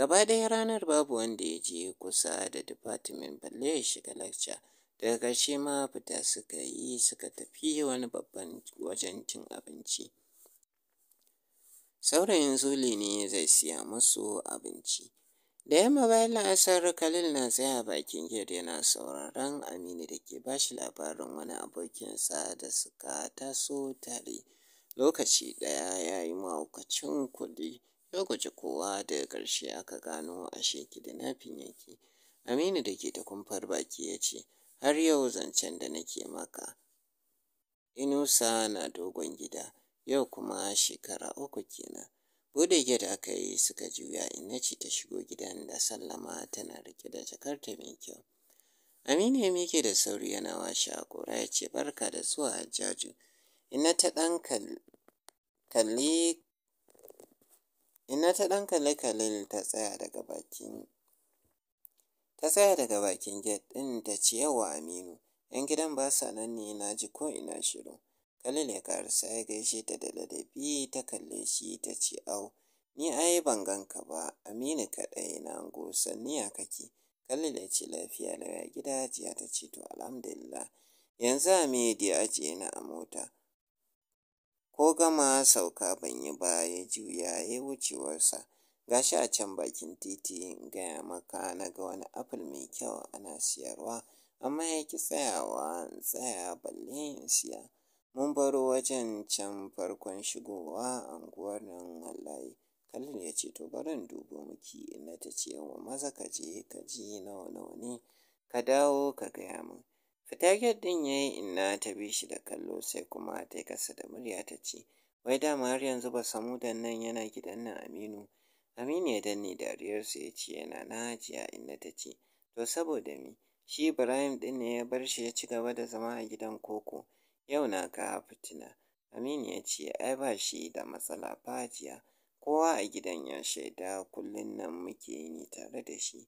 Gaba ɗaya ranar babu wanda ya je kusa da department balle ya shiga lacca. Daga ƙarshe ma fita suka yi suka tafi wani babban wajen cin abinci. Saurayin Zuli ne zai siya musu abinci. Da yamma bayan la'asar Kalil na tsaye a bakin gate yana sauraron Aminu da ke ba shi labarin wani abokinsa da suka taso tare. Lokaci ɗaya ya yi mahaukacin kuɗi. ya kowa da ƙarshe aka gano a da nafin yake aminu da ke ta kumfar baki ya ce har yau zancen da nake maka inusa na dogon gida yau kuma shekara uku kenan bude gida aka yi suka juya ina ce ta shigo gidan da sallama tana rike da jakarta mai kyau aminu ya mike da sauri yana washe kura ya ce barka da zuwa Al-jaju." Ina ta ɗan kalli Ina ta ɗan kale-kale ta tsaya daga bakin ta tsaya daga bakin get ɗin ta ce yawa Aminu, ‘yan gidan ba sa nan ne na ji ko ina shiru. Khalil ya ƙarasa ya gaishe ta da ladabi ta kalle shi ta ce au, ni ai ban ka ba, Aminu kaɗai na ango sanni ya kake. Khalil ya ce lafiya daga gida jiya ta ce to alhamdulillah. Yanzu a me da ajiye ni a mota. ko gama sauka ban yi ba ya juya ya yi wucewarsa ga shi a can bakin titi gaya maka na ga wani apple mai kyau ana siyarwa amma ya ki tsayawa tsaya balle in siya mun baro wajen can farkon shigowa anguwar nan wallahi kallon ya ce to bari in dubo miki ina ta ce wa maza ka je ka ji nawa nawa ne ka dawo ka gaya min Fita din ɗin ya yi inna ta bi shi da kallo sai kuma ta kasa da murya ta ce, Wai dama har yanzu ba samu da nan yana gidan nan Aminu. Aminu ya danne dariyarsa ya ce yana na hajiya inna ta ce, To saboda me, shi Ibrahim ɗin ne ya bar shi ya ci gaba da zama a gidan koko. Yau na ka fitina. Aminu ya ce, Ai ba shi da matsala fajiya. Kowa a gidan ya shaida kullum nan muke ni tare da shi.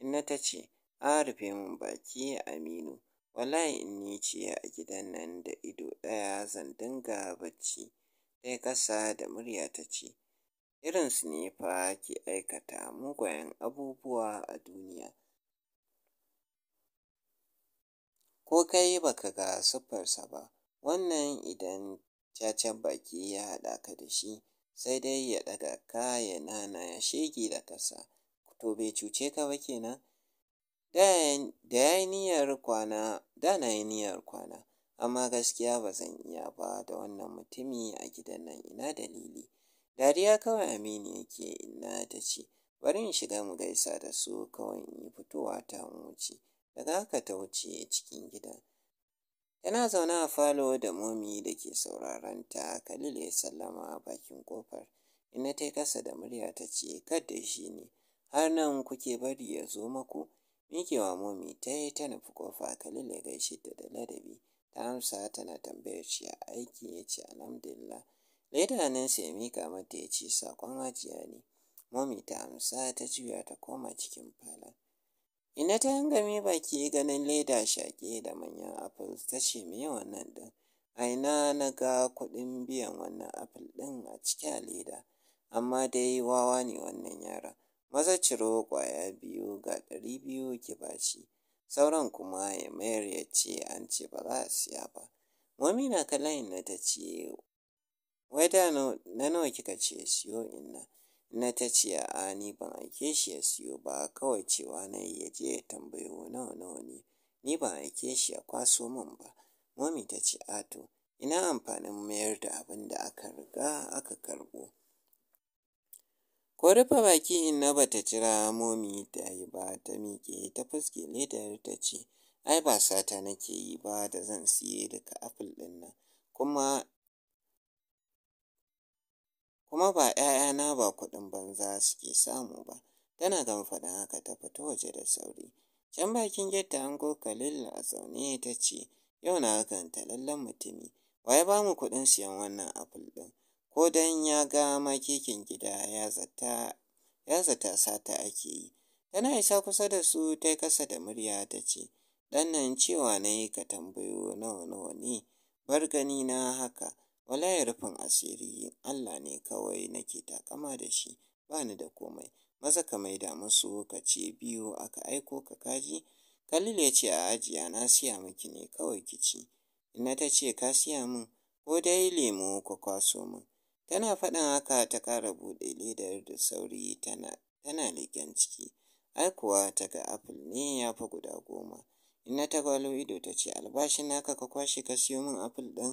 Inna ta ce, A rufe mun baki Aminu. Wallahi in ni ce a gidan nan da ido ɗaya zan dinga bacci, tai ƙasa da murya ta ce, irinsu ne fa ke aikata mugayen abubuwa a duniya. Ko kai baka ga siffarsa ba, wannan idan cacen baki ya haɗa ka da shi, sai dai ya ɗaga ka ya shege da ƙasa, to bai cuce ka ba kenan? Da ya yi niyyar kwana, da na yi niyyar kwana, amma gaskiya ba zan iya ba da wannan mutumi a gidan nan ina dalili. Dariya kawai amini yake ina ta ce, bari in shiga mu gaisa da su kawai in yi fitowa ta in wuce. Daga haka ta wuce cikin gidan. Tana zaune a falo da momi da ke sauraron ta Kalil ya sallama a bakin kofar ina ta kasa da murya ta ce, kadda shi ne, har nan kuke bari ya zo maku? Mikewa mumi ta yi ta nufi ƙofa Khalil ya gaishe da da ladabi ta amsa tana tambayar shi a aiki ya ce alhamdulillah. leda nan ya mika mata ya ce saƙon hajiya ne. mumi ta amsa ta juya ta koma cikin falon. Ina ta hangami baki ganin leda shaƙe da manyan apple ta ce me wannan ɗin. A ina na ga kuɗin biyan wannan apple ɗin a cikin leda. Amma dai wawa ne wannan yaron. Maza ciro ƙwaya biyu ga ɗari biyu ki ba sauran kuma ya mayar ya ce an ce ba za a siya ba. Momi na kallon ta ce, wai da na nawa kika ce ya siyo Inna? na ta ce a ni ban aike shi ya siyo ba kawai cewa na yi ya je ya tambayo nawa nawa ne. Ni ban aike shi ya kwaso min ba. Momi ta ce a ina amfanin mayar da abin da aka riga aka karɓo. Ko rufe baki in na bata jira momi ta yi ba, ta miƙe ta fuske da ta ce, ai ba sata nake yi ba da zan siye duka aful ɗin nan, kuma kuma ba ‘ya'yana ba kuɗin banza suke samu ba. Tana gama faɗin haka ta fito waje da sauri. Can bakin gidda ango Khalil a zaune ta ce, yau na ganta lallen mutumi, wa ya ba mu kuɗin siyan wannan aful ɗin? ko dan ya ga makekin gida ya zata ya zata sata ake yi tana isa kusa da su ta kasa da murya ta ce 'Dan nan cewa na yi ka tambayo nawa nawa ne bar gani na haka wallahi rufin asiri Allah ne kawai nake takama da shi ba ni da komai maza ka maida musu ka ce biyu aka aiko ka kaji Kalil ya ce a ajiya na siya miki ne kawai kici ina ta ce ka siya min ko dai lemo ka kwaso min Tana faɗin haka ta ƙara buɗe ledar da sauri tana tana leƙen ciki. Ai kuwa ta ga apple ne ya fi guda goma. Inna ta gwalo ido ta ce albashin naka ka kwashe ka siyo min apple ɗin.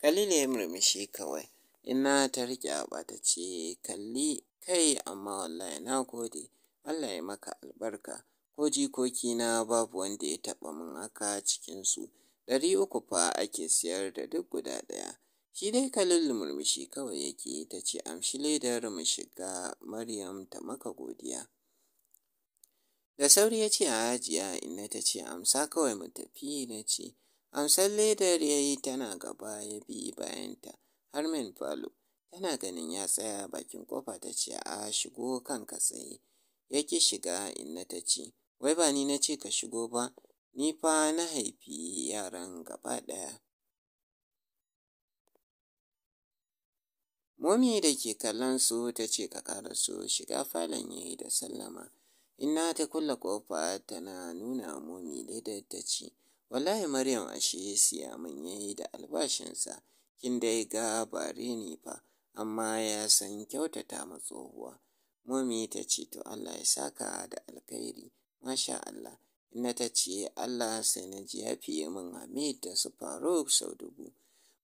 Khalil ya murmushi kawai. Ina ta riƙe aba ta ce kalli kai amma wallahi na gode. Allah ya maka albarka. Ko na babu wanda ya taɓa min haka cikinsu. Ɗari uku fa ake siyar da duk guda ɗaya. Shi dai kalin murmushi kawai yake ta ce, amshi ledar mu shiga, Maryam ta maka godiya. Da sauri ya ce a hajiya inna ta ce, amsa kawai mu tafi na ce, amsan ledar ya yi tana gaba ya bi bayanta har min falo. Tana ganin ya tsaya bakin kofa ta ce, a shigo kanka tsaye. Ya ki shiga inna ta ce, wai ba ni na ce ka shigo ba, ni fa na haifi yaran gaba ɗaya. Momi da ke kallon su ta ce ka su shiga falon ya yi da sallama. Ina ta kulle ƙofa tana nuna Momi da ta ce, Wallahi Maryam ashe siya min ya yi da albashinsa, kin dai ga bare ni fa, amma ya san kyautata ma tsohuwa. Momi ta ce, To Allah ya saka da alkhairi, masha Allah. Ina ta ce, Allah sai na ji ya fiye min Hamid da su Faruk sau dubu.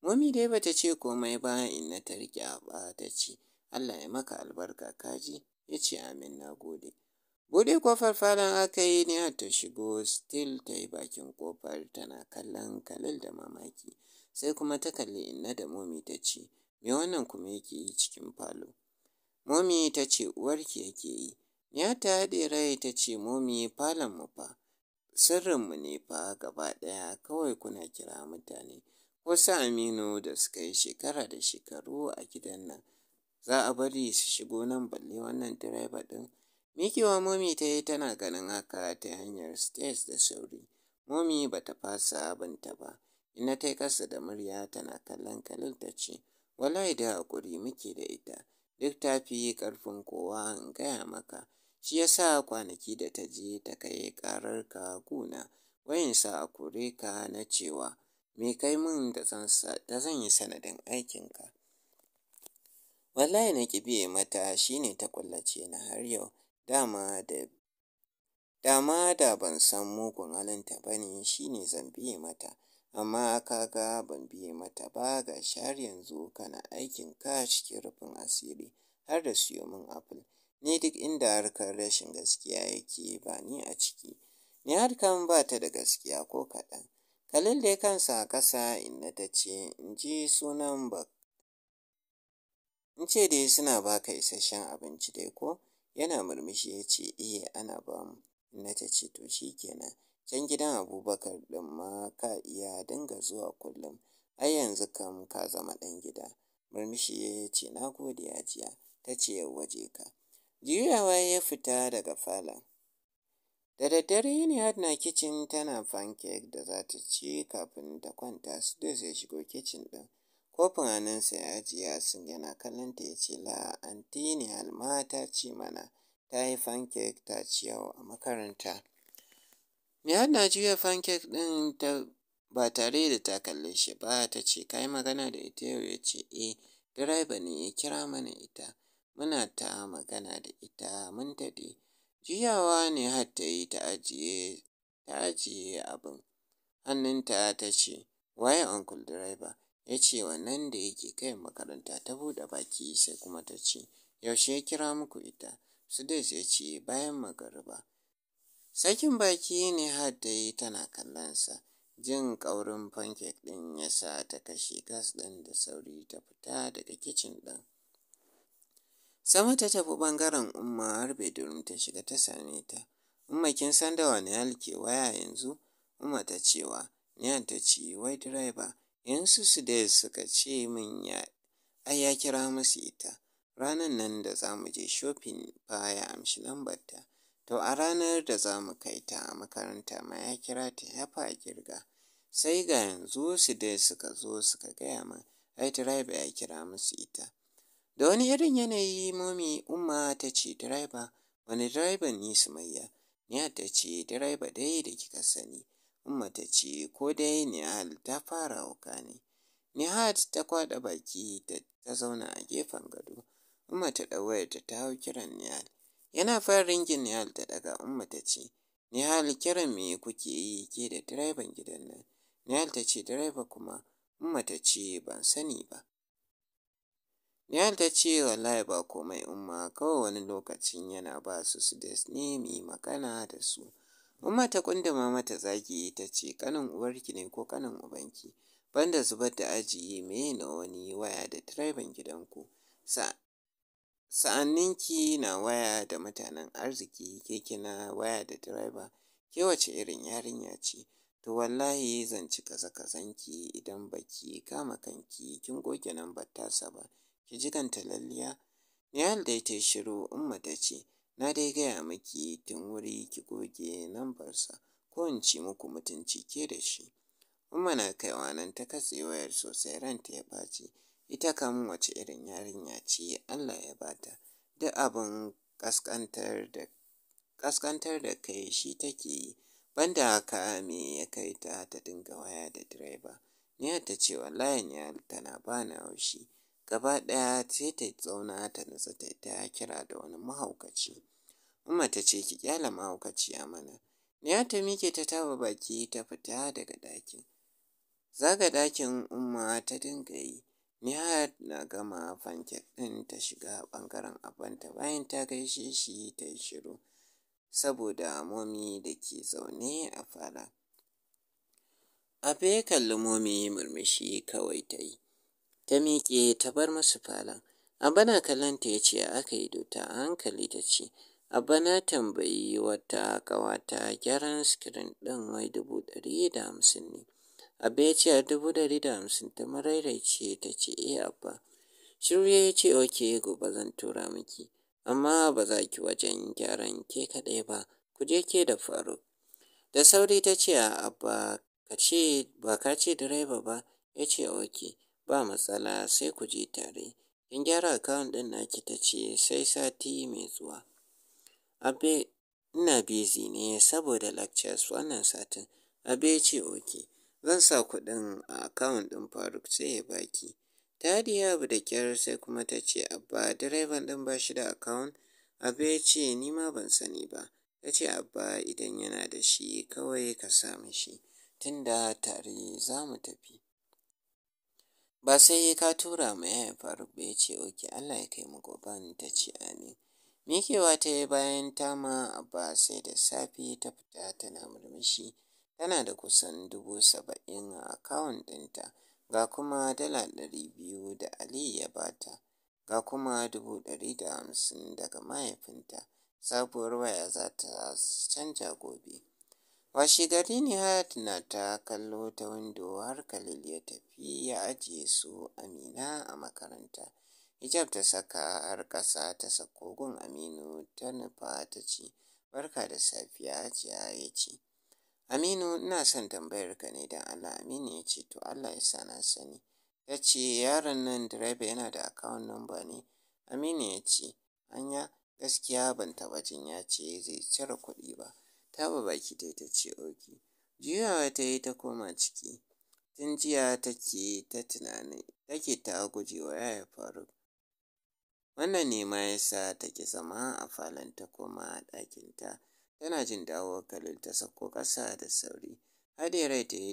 Momi dai bata ce komai ba, inna ta riƙe a ta ce, Allah ya maka albarka kaji ya ce amin na gode. Buɗe kofar falon aka yi a ta shigo still ta yi bakin kofar tana kallon kalil da mamaki. Sai kuma ta kalli inna da Momi ta ce, me wannan kuma yake yi cikin falo? Momi ta ce uwarki yake yi. Ya ta haɗe rai ta ce Momi falon mu fa, sirrinmu ne fa gaba ɗaya kawai kuna kira mutane. Wasu Aminu da suka yi shekara da shekaru a gidan nan, za a bari su shigo nan balle wannan direba ɗin? wa Momi ta yi tana ganin haka ta hanyar stairs da sauri. Momi ba ta fasa abinta ba. Ina ta yi ƙasa da murya tana kallon Khalil ta ce, Wallahi da hakuri muke da ita, duk ta fi ƙarfin kowa in gaya maka. Shi ya sa kwanaki da ta je ta kai karar ka guna, wayansa sa a kore ka na cewa Me kai mun da zan yi sanadin aikinka? Wallahi na ƙi biye mata shi ne ta kullace na har yau, dama da dama da ban san mugun halinta ba ne shi ne zan biye mata, amma ka ga ban biye mata ba ga shar yanzu kana aikin ka cikin rufin asiri har da siyo min apple. Ni duk inda harkar rashin gaskiya yake ba ni a ciki, ni harkan ba ta da gaskiya ko kaɗan. Khalil dai kansa a ƙasa inda ta ce, in ji sunan ba. In ce dai suna baka isasshen abinci dai ko? Yana murmushi ya ce, iya eh, ana ba mu. Inda ta ce, to shi kenan. Can gidan Abubakar ɗin ma ka iya dinga zuwa kullum. Ai yanzu kam ka zama ɗan gida. Murmushi ya ce, na gode ajiya. Ta ce, yau waje ka. Juyawa ya fita daga falon. Da daddare ne na kicin tana pancake da za ta ci kafin ta kwanta su da zai shigo kicin ɗin. Kofin sa ya jiya, sun yana kallon ta ya ce la anti ne alma ta ci mana ta yi pancake ta ci yau a makaranta. Me na juya pancake din ta ba tare da ta kalle shi ba ta ce ka yi magana da ita yau ya ce eh direba ne ya kira mana ita muna ta magana da ita mun daɗe. Juyawa ne har ta yi ta ajiye abin hannunta ta ce, “Waye Uncle driver!' Ya ce, “Wannan da yake kai makaranta.” Ta buɗe baki sai kuma ta ce, “Yaushe ya kira muku ita?” dai ya ce, “Bayan magariba.” Sakin baki ne har ta yi tana kallonsa. Jin ƙaurin pancake ɗin ya sa ta kashe gas ɗin da sauri ta fita daga kicin ɗin. Sama ta tafi ɓangaren Umma har bedroom ta shiga ta same ta. Umma kin san da wani halke waya yanzu? Umma ta cewa, Niyan ta ce, wai direba, yanzu su da suka ce min ya ai ya kira musu ita. Ranan nan da za mu je shopping fa ya amshi ta, To a ranar da za mu kai ta a makaranta ma ya kira ta ya fa kirga, Sai ga yanzu su da suka zo suka gaya min, ai direba ya kira musu ita. Da wani irin yanayi momi umma ta ce direba, wani direban ne sumayya? Niyar ta ce direba dai da kika sani. Umma ta ce ko dai Nihal ta fara hauka ne. Nihal ta kwaɗa baki ta zauna a gefen gado. Umma ta ɗau ta ta hau kiran Nihal. Yana fara ringin Nihal ta ɗaga Umma ta ce, Nihal kiran me kuke yi ke da direban gidan nan? Nihal ta ce direba kuma Umma ta ce ban sani ba. Nihan ta ce wallahi ba komai umma kawai wani lokacin yana ba su su ne mu yi magana da su. Umma ta ƙunduma mata zagi ta ce ƙanin uwarki ne ko ƙanin ubanki Banda zubar da ajiye me na wani waya da direban gidanku. Sa'anninki na waya da mutanen arziki ke kina waya da direba ke wace irin yarinya ce. To wallahi zan ci kaza-kazanki idan baki kama kanki kin goge lambar tasa ba. ki ji kanta lalliya. Nihal dai ta yi shiru, Umma ta ce, na dai gaya miki tun wuri ki goge lambarsa ko in ci muku mutunci ke da shi. Umma na kaiwa nan ta katse wayar sosai ranta ya baci Ita kam wace irin yarinya ce Allah ya bata. Duk abin ƙasƙantar da kai shi take yi. Banda haka me ya kai ta ta dinga waya da direba. Nihal ta ce wallahi ni tana ba bani haushi. gaba ɗaya sai ta zauna ta nasa ta ta kira da wani mahaukaci umma ta ce ki kyala a mana Ya ta miƙe ta taba baki ta fita daga ɗakin zaga ɗakin umma ta dinga yi niya na gama fanke ɗin ta shiga ɓangaren abanta bayan ta gaishe shi ta yi shiru saboda momi da ke zaune a fara abe kalli momi murmushi kawai ta yi Ta miƙe ta bar masu falon. Abba na kallon ta ya ce, aka yi Dota? A hankali ta ce, Abba na tambayi wata ƙawata gyaran sikirin ɗin wai dubu ɗari da hamsin ne. Abba ya ce, a dubu ɗari da hamsin ta marairaice ta ce, e Abba. Shiru ya ce, oke gobe zan tura miki, amma ba za ki wajen gyaran ke kaɗai ba, ku je ke da faro. Da sauri ta ce, a Abba ka ce ba ka ce direba ba, ya ce, oke ba matsala sai ku je tare. Kin gyara akawun ɗin naki ta ce sai sati mai zuwa. Abe ina busy ne saboda lectures wannan satin. Abe ce oke. Zan sa kuɗin a akawun ɗin Faruk sai ya baki. ya bu da kyar sai kuma ta ce abba direban ɗin ba shi da akawun. Abe ya ce ni ma ban sani ba. Ta ce abba idan yana da shi kawai ka sami shi tunda tare za mu tafi. ba sai ka tura ya ya faru ba ya ce oke allah ya kai mu goban ta ce amin mikewa ta yi bayan tama ba sai da safi ta fita tana murmushi tana da kusan dubu saba'in a akawun ɗinta ga kuma dala ɗari biyu da ali ya bata ga kuma dubu ɗari da hamsin daga mahaifinta sabuwar waya za ta canja gobe Washegari Nihat na ta kallo ta windo har Khalil ya tafi ya ajiye su Amina a makaranta. Hijab ta saka har ƙasa ta sako gun Aminu ta nufa ta ce, Barka da safiya Hajiya ya ce, Aminu ina son tambayar ka ne don Allah Aminu ya ce, To Allah ya sa na sani. Ta ce, Yaron nan direba yana da akawun namba ne? Aminu ya ce, Anya gaskiya ban taɓa jin ya ce zai cire kuɗi ba. Ta ba baki ta yi ta ce oki. Juyawa ta yi ta koma ciki. Tun jiya ke ta tunani, take ta guje wa ya Faruk. Wannan ne ma ya sa ta ke zama a falon ta koma ɗakinta. Tana jin dawo kalil ta sauko ƙasa da sauri. Haɗe rai ta yi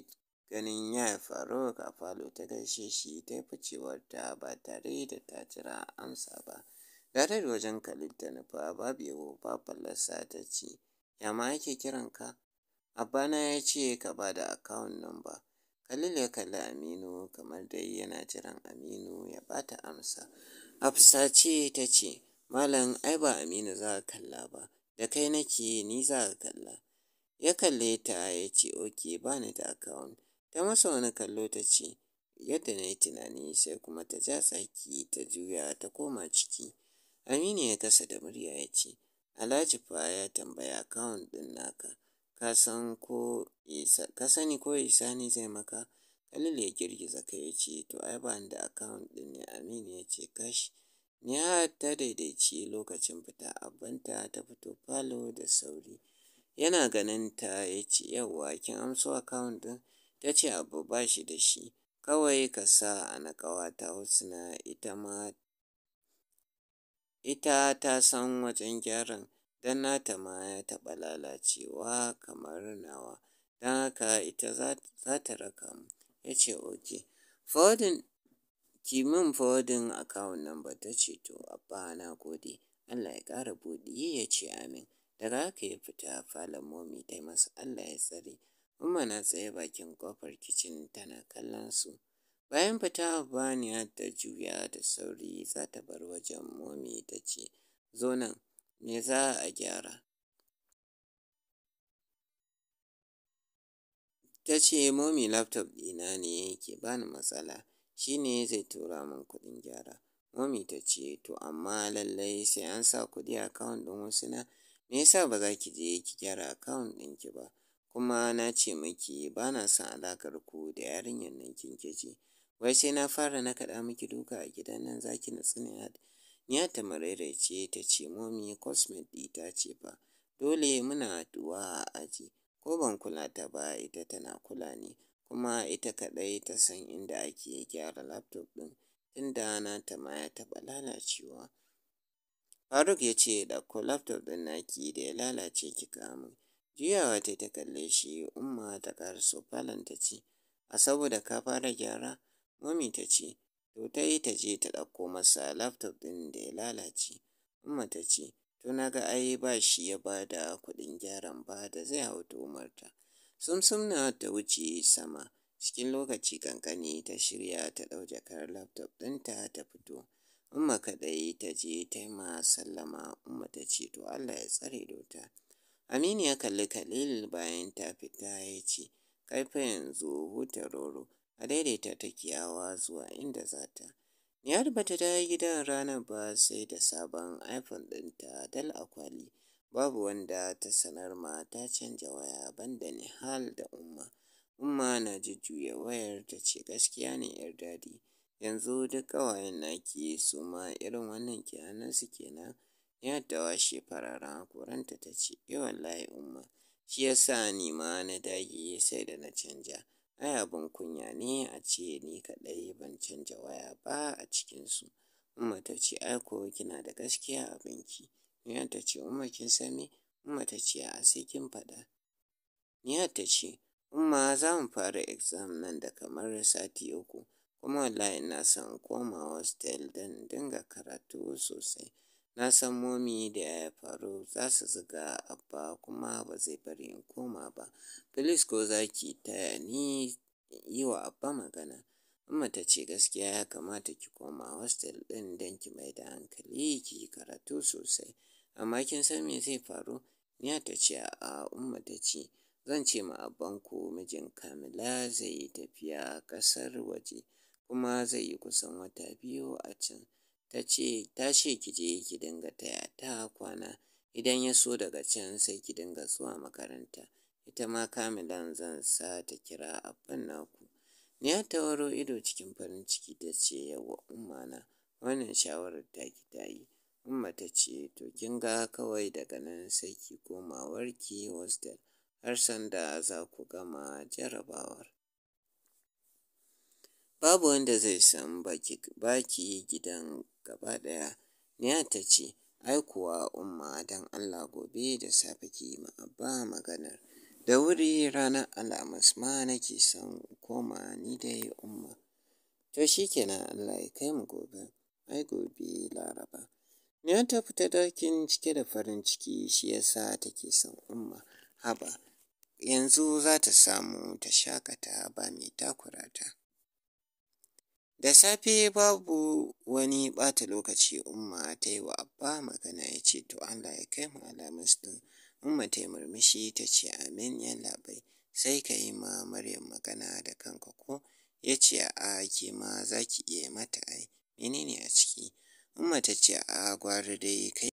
ganin ya faru ga falo ta gaishe shi ta yi ficewarta ba tare da ta jira amsa ba. Gadar wajen kalita ta nufa babu yawo ba fallasa ta ce. ya ma yake kiranka? Abbana ya ce ka ba da akawun ba Khalil ya kalli Aminu kamar dai yana jiran Aminu ya bata amsa. Hafsa ce ta ce, Malam ai ba Aminu za ka kalla ba, da kai nake ni za ka kalla. Ya kalle ta ya ce, Oke, ba ni da akawun. Ta masa wani kallo ta ce, Yadda na yi tunani sai kuma ta ja tsaki ta juya ta koma ciki. Aminu ya kasa da murya ya ce, Alhaji fa ya tambayi akawun ɗin naka, ka sani ko ihsani zai maka? Khalil ya girgiza kai ya ce, to ai ba da akawunt ɗin ne. Amin ya ce kash. Nihat ta daidaici lokacin fita, abin ta fito falo da sauri. Yana ganin ta ya ce yawa kin amso akawun ɗin? Ta ce abu ba shi da shi, kawai ka sa a na ƙawata na ita ma Ita ta san wajen gyaran, don nata ma ya taɓa lalacewa kamar nawa, don haka ita za ta raka mu, ya ce oke. Ki min akawun nan ba ta ce to Abba na gode, Allah ya ƙara buɗi ya ce amin. Daga haka ya fita falon momi ta masa Allah ya tsare. Umma na tsaye bakin ƙofar kicin tana kallon su. Bayan fita Hafsat ta juya da sauri za ta bar wajen Momi ta ce, Zo nan, me za a gyara? Ta ce, Momi laptop ɗina ne yake bani matsala, shi ne zai tura min kuɗin gyara. Momi ta ce, To amma lallai sai an sa kuɗi a akawun ɗin wasu na, me yasa ba za ki je ki gyara akawun ɗinki ba? Kuma na ce miki ba son alakar ku da yarinyar nan kin Wai sai na fara nakaɗa miki duka a gidan nan za ki natsu ne Ya Niya ta marairaice ta ce momi cosmet ta ce fa. Dole muna duwa a aji. Ko ban kula ta ba ita tana kula ne? Kuma ita kaɗai ta san inda ake gyara laptop ɗin. Tunda ta ma ya taɓa lalacewa. Faruk ya ce ɗauko laptop ɗin naki da ya lalace ki kamu. Juyawa ta ta kalle shi umma ta ƙaraso falon ta ce, a saboda ka fara gyara Ummi ta ce, to ta yi ta je ta ɗauko masa laptop ɗin da ya lalace. Umma ta ce, to na ga ai ba shi ya ba da kuɗin gyaran ba da zai hau ta umarta. Sumsum na ta wuce sama. Cikin lokaci kankani ta shirya ta ɗau jakar laptop ɗinta ta fito. Umma kaɗai ta je ta yi ma sallama Umma ta ce to Allah ya tsare dota. Aminu ya kalli Khalil bayan ta fita ya ce, kai fa yanzu huta a daidaita ta kiyawa zuwa inda za ta. Ya ba ta dawo gidan rana ba sai da sabon iPhone ɗinta dal a kwali. Babu wanda ta sanar ma ta canja waya banda Nihal da Umma. Umma na jujjuya wayar ta ce gaskiya ne yar dadi. Yanzu duk ƙawayen naki su ma irin wannan kenan su kenan. Ya dawa shi fararen hakoranta ta ce, yawan eh layi Umma, shi yasa ni ma na dage sai da na canja." Ai abin kunya ne a ce ni kaɗai ban canja waya ba a cikinsu. Umma ta ce, ai ko kina da gaskiya a banki. Niya ta ce, Umma kin san Umma ta ce, a sai kin faɗa. Niya ta ce, Umma za mu fara exam nan da kamar sati uku. Kuma wallahi ina son komawa hostel don dinga karatu sosai. Na san Momi da faru za su zuga Abba kuma ba zai bari in koma ba. felis ko za ki taya ni yi wa Abba magana. Amma ta ce gaskiya ya kamata ki koma hostel ɗin don ki mai da hankali ki karatu sosai. Amma kin san me zai faru? Niya ta ce a Umma ta ce zan ce ma ku mijin Kamila zai yi tafiya ƙasar waje kuma zai yi kusan wata biyu a can. ta ce ta ce ki je ki dinga taya ta kwana idan ya so daga can sai ki dinga zuwa makaranta ita ma kamilan zan sa ta kira abin naku ya tawaro ido cikin farin ciki ta ce yawa umana na wannan shawarar ta ki ta yi umma ta ce to kin ga kawai daga nan sai ki koma warki hostel har sanda za ku gama jarabawar babu wanda zai san baki gidan gaba ɗaya. niya ta ce, aikuwa Umma don Allah gobe da safe ki yi maganar. Da wuri ranar alamus ma nake son koma ni dai Umma. To shi kenan Allah ya kai mu gobe. Ai gobe Laraba. Niyar ta fita ɗakin cike da farin ciki shi ya sa take son Umma. Haba, yanzu za ta samu ta shakata ba mai takura Da safe babu wani ɓata lokaci Umma ta yi wa Abba magana ya ce, To Allah ya kai mu alamis ɗin. Umma ta yi murmushi ta ce, Amin labai sai ka yi ma Maryam magana da kanka ko? Ya ce, A ke ma za ki iya mata ai, menene a ciki? Umma ta ce, A gwara dai kai.